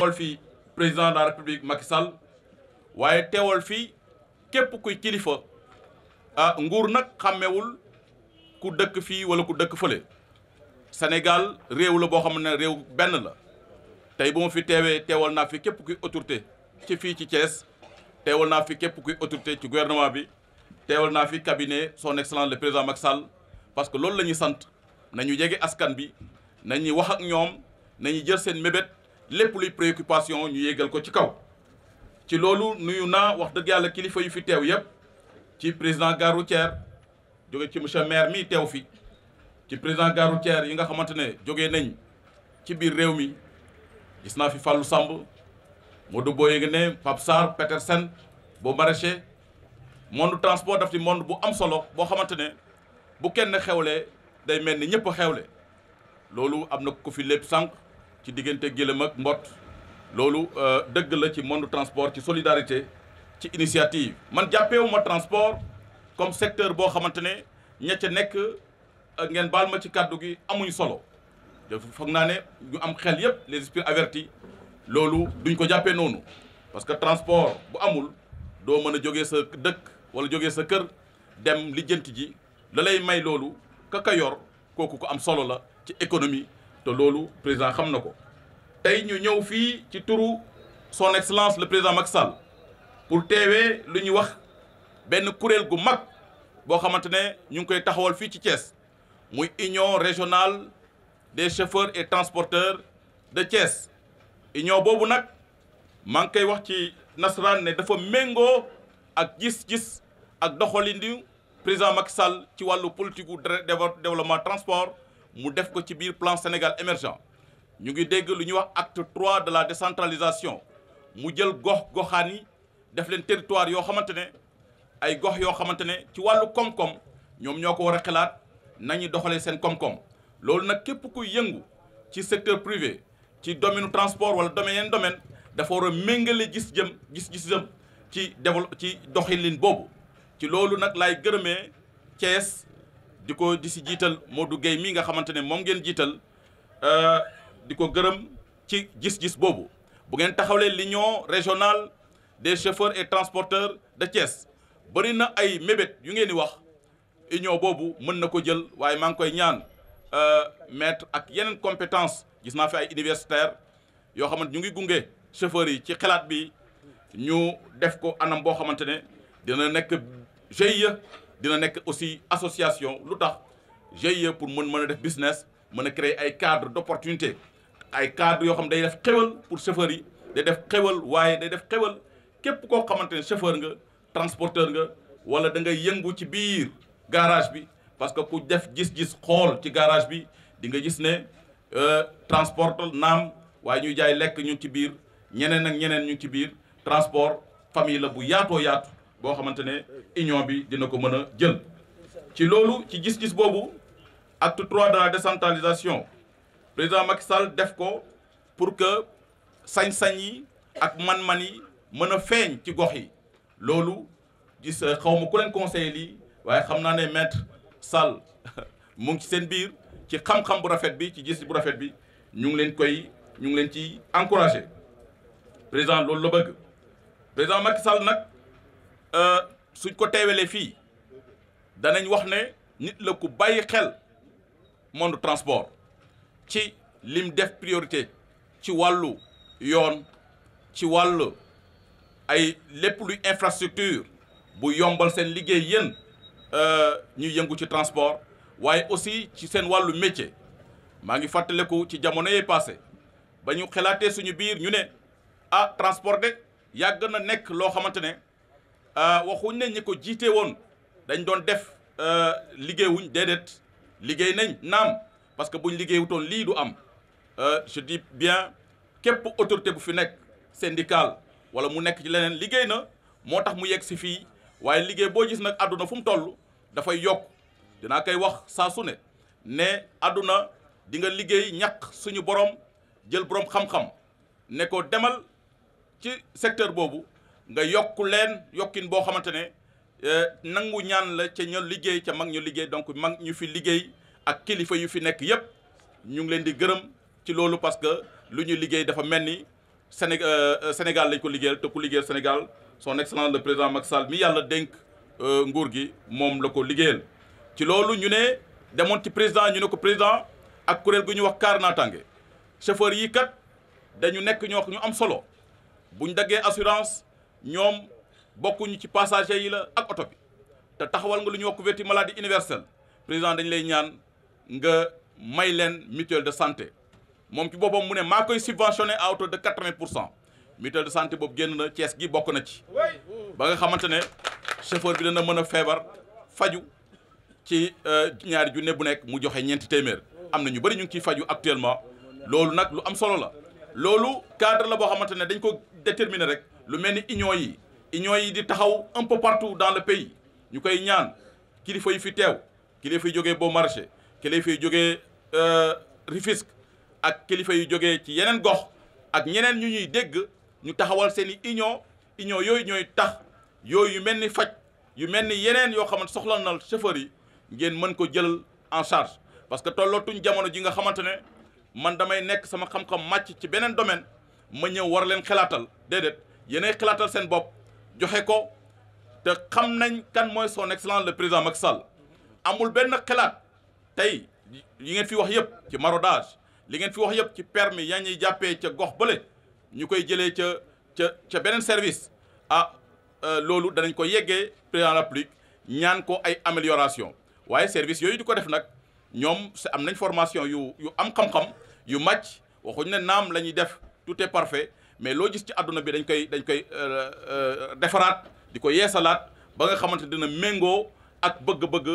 teewal fii président de la république waaye teewal fii képp kuy kilifa ah nguur nag xàmmewul ku dëkk fii wala ku dëkk fële Sénégal réew la boo xam ne réew benn la tey bu ma fi teewee teewal naa fi képp kuy autorité ci fii ci Thiès teewal naa fi képp kuy autorité ci gouvernement bi teewal naa fi cabinet son excellence le président Macky Sall parce que loolu la ñuy sant nañu jege askan bi nañuy wax ak ñoom nañu jël seen mébét lépp luy préoccupation ñu yéegal ko ci kaw ci loolu nuyu naa wax dëgg yàlla kilifa yu fi teew yépp ci président gare routière jóge ci monsieur maire mi teew fi ci président gare routière yi nga xamante ne jógee nañ ci biir réew mi gis naa fi Fallou Samb Modou Boye nga ne Pape Sarr Petersen boo maraîcher monde transport daf ci monde bu am solo boo xamante ne bu kenn xewlee day mel ni ñëpp xewle loolu am na ko fi lépp sànq ci diggante gélém ak Mbott loolu euh, dëgg la ci monde transport ci solidarité ci initiative man jàppewuma transport comme secteur boo xamante ne ña ca nekk euh, ngeen baal ma ci kàddu gi amuñu solo foog naa ne ñu am xel yépp les esprits avertis loolu duñ ko jàppee noonu parce que transport bu amul doo mën a jóge sa dëkk wala jógee sa kër dem lijjanti ji la lay may loolu kaka yor kooku ko am solo la ci économie te loolu président xam na ko tey ñu ñëw fii ci turu son excellence le président Macky Sall pour teewee lu ñu wax benn kuréel gu mag boo xamante ne ñu ngi koy taxawal fii ci cees muy union régionale des chauffeurs et transporteurs de Thiès union boobu nag maa ngi koy wax ci nasaraan ne dafa méngoo ak gis-gis ak doxalinu président Macky Sall ci wàllu politique gu développement transport mu def ko ci biir plan Sénégal émergent ñu ngi dégg lu ñuy wax acte trois de la décentralisation mu jël gox goxaan yi def leen territoire yoo xamante ne ay gox yoo xamante ne ci wàllu koom-koom ñoom ñoo ko war a xalaat nañu doxalee seen koom-koom loolu nag képp kuy yëngu ci secteur privé ci domaine transport wala domaine yeneen domaine dafa war méngale gis jëm gis-gis jëm ci développe ci doxalin boobu ci loolu nag laay gërëmee Thiès di ko di si jiital Modou Gueye mii nga xamante ne moom ngeen jiital euh, di ko gërëm ci gis-gis boobu bu ngeen li l'union régionale des chauffeurs et transporteurs de Thiès bëri na ay mébét yu ngeen di wax union boobu mën na ko jël waaye maa ngi koy ñaan euh, maître ak yeneen compétence gis naa fi ay universitaire yoo xamante ñu ngi gunge chauffeurs yi ci xalaat bi ñu def ko anam boo xamante ne dina nekk GIE dina nekk aussi association lu tax GIE pour mën mën a def business mën a créer ay cadre d'opportunité ay cadre yoo xam day def xewal pour chauffeurs yi day def xewal waaye day def xewal képp koo xamante ne chauffeur nga transporteur nga wala da ngay yëngu ci biir garage bi parce que ku def gis-gis xool ci garage bi di nga gis ne euh, transport naam waaye ñuy jaay lekk ñu ci biir ñeneen ak ñeneen ñu ci biir transport famille la bu yaatoo yaatu boo xamante ne union bi dina ko mën a jël ci loolu ci gis-gis boobu acte 3 de la décentralisation président Macky Sall def ko pour que sañ-sañ yi ak man-man yi mën a feeñ ci gox yi loolu gis xaw ma ku leen conseiller lii waaye xam naa ne maître Sall mu ci seen biir ci xam-xam bu rafet bi ci gis bu rafet bi ñu ngi leen koy ñu ngi leen ci encouragé président loolu la bëgg président Macky Sall nag Euh, suñ ko teewelee fii danañ wax ne nit la ku bàyyi xel monde transport ci lim def priorité ci wàllu yoon ci wàllu ay lépp luy infrastructure bu yombal seen liggéey yéen euh, ñu yëngu ci transport waaye aussi ci seen wàllu métier maa ngi fàttaliku ci jamono yee passé ba ñu xalaatee suñu biir ñu ne ah transport de yàgg na nekk loo xamante ne Euh, waxuñ ne ñi ko jiite woon dañ doon def euh, liggéeyuñ déedéet liggéey nañ naam parce que buñ liggéeyutoon lii du am euh, je dis bien képp autorité bu fi nekk syndical wala mu nekk ci leneen liggéey na moo tax mu yegg si fii waaye liggéey boo gis nag àdduna fu mu toll dafay yokk dinaa koy wax saa su ne ne àdduna di nga liggéey ñàkk suñu borom jël borom xam-xam ne ko demal ci secteur boobu nga yokk leen yokkin boo xamante ne eh, nangu ñaan la ca ñu liggéey ca mag ñu liggéey donc mag ñu fi liggéey ak kilifa yu fi nekk yépp ñu ngi leen di gërëm ci loolu parce que lu ñu liggéey dafa mel ni Séné euh, Sénégal lañ ko liggéeyal te ku liggéeyal Sénégal son excellence le président Macky Sall mi yàlla dénk euh, nguur gi moom la ko liggéeyal. ci loolu ñu ne demoon ci président ñu ne ko président ak kuréel gu ñu wax kaar naataange chauffeur yii kat dañu nekk ñoo ñu am solo buñ daggee assurance. ñoom bokkuñu ci passager yi la ak oto bi te taxawal nga lu ñu wax couverture maladie universelle président dañu lay ñaan nga may leen mutuelle de santé moom ci boppam mu ne maa koy subventionné à de quatre-vingt pour cent mutuelle de santé boobu génn na Thiès gi bokk na ci ba nga xamante ne chauffeur bi dana mën a feebar faju ci euh, ñaari junne bu nekk mu joxe ñeenti téeméer am na ñu bëri ñu ngi ciy faju actuellement loolu nag lu am solo la loolu cadre la boo xamante ne dañ ko déterminer rek lu mel ni union yi union yi di taxaw un peu partout dans le pays ñu koy ñaan kilifa yi fi teew kilifa yi jógee Beaux Marchés kilifa yi jógee euh, Rufisque ak kilifa yu jóge ci yeneen gox ak ñeneen ñu ñuy dégg ñu taxawal seen i union union yooyu ñooy tax yooyu yu mel ni faj yu mel ni yeneen yoo xamante soxla na chauffeur yi ngeen mën ko jël en charge parce que tollootuñ jamono ji nga xamante ne man damay nekk sama xam-xam màcc ci beneen domaine ma ñëw war leen xalaatal déedéet yéenay xalaatal seen bopp joxe ko te xam nañ kan mooy son excellence le président mag Sall amul benn xalaat tey li ngeen fi wax yëpp ci marodage li ngeen fi wax yëpp ci permis yaa ñuy jàppee ca gox bële ñu koy jëlee ca ca ca beneen service ah euh, loolu danañ ko yeggee président de la République ñaan ko ay amélioration waaye service yooyu di ko def nag ñoom si am nañ formation yu yu am xam-xam yu màcc waxuñ ne naam la ñuy def tout est parfait mais loo gis ci àdduna bi dañ koy dañ koy euh, euh, defaraat di ko yeesalaat ba nga xamante dina méngoo ak bëgg-bëgg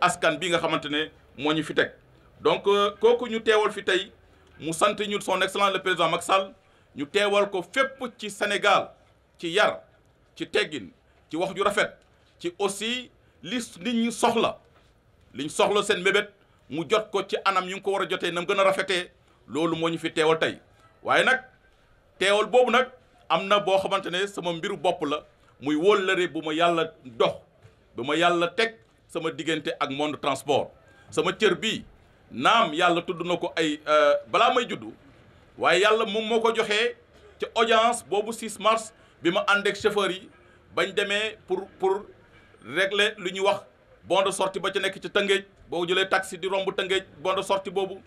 askan bi nga xamante ne moo ñu fi teg donc euh, kooku ñu teewal fi tey mu sant ñu son excellence le président Macky sal ñu teewal ko fépp ci Sénégal ci yar ci teggin ci wax ju rafet ci aussi li nit ñu soxla liñ soxla seen mébét mu jot ko ci anam yi ngi ko war a jotee nam gën a rafetee loolu moo ñu fi teewal tey waaye nag teewal boobu nag am na boo xamante ne sama mbiru bopp la muy wóllëre bu ma yàlla dox bu ma yàlla teg sama diggante ak monde transport sama cër bi naam yàlla tudd na ko ay euh, balaa may juddu waaye yàlla moom moo ko joxee ca audience boobu 6 mars bi ma ànd ak chauffeur yi bañ demee pour pour régler li ñu wax bon de sortie ba ca nekk ci Tëngéej boo jëlee taxi di romb Tëngéej bon de boobu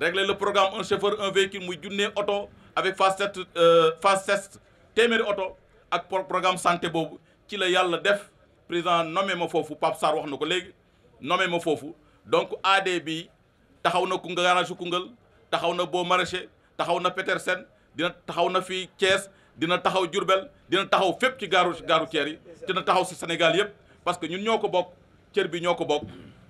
régler le programme un chauffeur un véhicule muy junnee oto avec phase sept euh, phase sept téeméeri oto ak programme santé boobu ci la yàlla def président nommé ma foofu Pape Sarr wax na ko léegi nommé ma foofu donc AD bi taxaw na Koungheul garage Koungheul taxaw na boo Maraîchers taxaw na Petersen dina taxaw na fii Thiès dina taxaw jurbel dina taxaw fépp ci gaaru gaaru ceer yi dina taxaw si Sénégal yëpp parce que ñun ñoo ko bokk cër bi ñoo ko bokk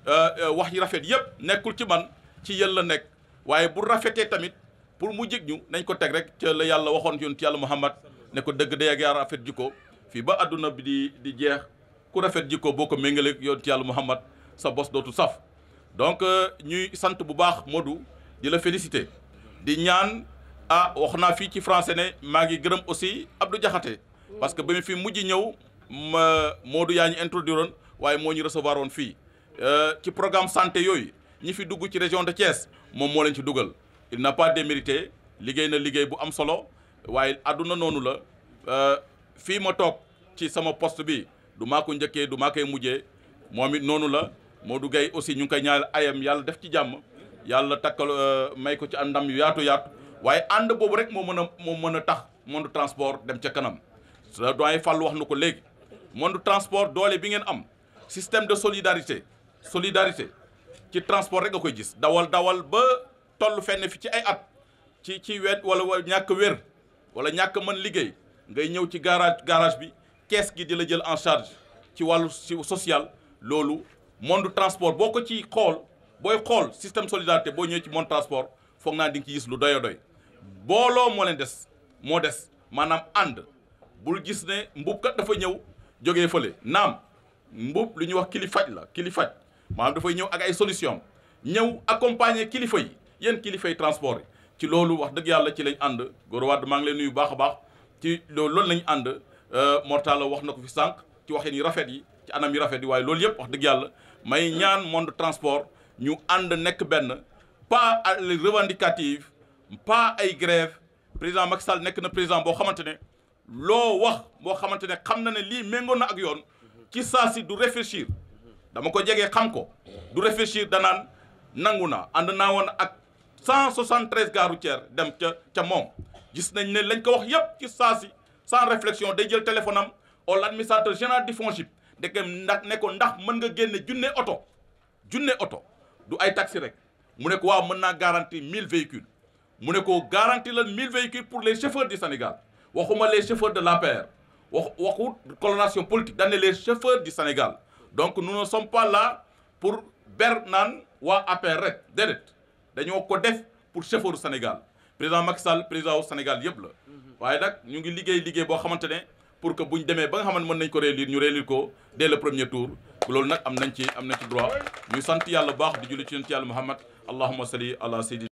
euh, euh, wax yi rafet yëpp nekkul ci man ci yéen la nekk waaye bu rafetee tamit pour mu jig ñu nañ ko teg rek ca la yàlla waxoon ci yonent yàlla Muhammad ne ko dëgg day ak yaa rafet jikko fii ba àdduna bi di di jeex ku rafet jikko boo ko méngaleeg yonent yàlla Muhammad sa bos dootu saf donc euh, ñuy sant bu baax moo du di la féliciter di ñaan ah wax naa fii ci français ne maa ngi gërëm aussi Abdou Diakhaté parce que ba mu fi mujj ñëw ma Modou yaa ñu introduire woon waaye moo ñu recevoir woon fii euh, ci programme santé yooyu ñi fi dugg ci région de Thiès moom moo leen ci dugal il n'a pas démérité liggéey na liggéey bu am solo waaye àdduna noonu la euh, fii ma toog ci sama post bi du maa ko njëkkee du maa koy mujjee moom it noonu la moo Gueye aussi ñu ngi koy ñaanal ayam yàlla def ci jàmm yàlla takkal euh, may ko ci ndam yu yaatu yaatu waaye ànd boobu rek moo mën a moo mën a tax monde transport dem ca kanam sa doyen Fall wax na ko léegi monde transport doole bi ngeen am système de solidarité solidarité ci transport rek nga koy gis dawal dawal ba toll fenn fi ci ay at ci ci wet wala wala ñàkk wér wala ñàkk mën liggéey ngay ñëw ci garage garage bi kees gi di la jël en charge ci wàllu ci social loolu monde transport boo ko ci xool booy xool système solidarité boo ñëwee ci monde transport foog naa di nga ci gis lu doy doy booloo moo leen des moo des maanaam ànd bul gis ne mbub dafa ñëw jógee fële naam mbub lu ñuy wax kilifaj la kilifaj maanaam dafay ñëw ak ay solution ñëw accompagner kilifa yi yéen kilifay transport yi ci loolu wax dëgg yàlla ci lañ ànd góor waat maa ngi leen yu baax a baax ci loolu loolu lañ ànd euh, Mortalla wax na ko fi sànq ci wax waxin yu rafet yi ci anam yu rafet yi waaye loolu yëpp wax dëgg yàlla may ñaan monde transport ñu ànd nekk benn pas les revendicatives pas ay grève président Macky sal nekk na président boo xamante ne loo wax boo xamante ne xam na ne lii méngoon na ak yoon ci saa si du réfléchir dama ko jege xam ko du réfléchir danaan nangu na ànd naa woon ak 173 gares routières dem ca ca moom gis nañ ne lañ ko wax yépp ci saa si sans réflexion day jël téléphone am au l'administrateur général du FONGIP ndeke ndax ne ko ndax mën nga génne junne oto junne oto du ay taxi rek mu ne ko waaw mën naa garanti 1000 véhicules mu ne ko garanti la 1000 véhicules pour les chauffeurs du Sénégal waxuma les chauffeurs de l'APR wax waxu coloration politique daan ne les chauffeurs du Sénégal donc nous ne sommes pour ber naan waa APR rek déedéet dañoo ko def pour chauffeur Sénégal président Macky Sall président wu Sénégal yëpp la waaye nag ñu ngi liggéey liggéey boo xamante ne pour que bu ñu demee ba nga xamante mën nañ ko réélire ñu réélire ko dès le premier tour loolu nag am nañ ci am nañ ci droit ñu sant yàlla baax du julli ci yonent yàlla Muhammad allahumma salli ala sayyidina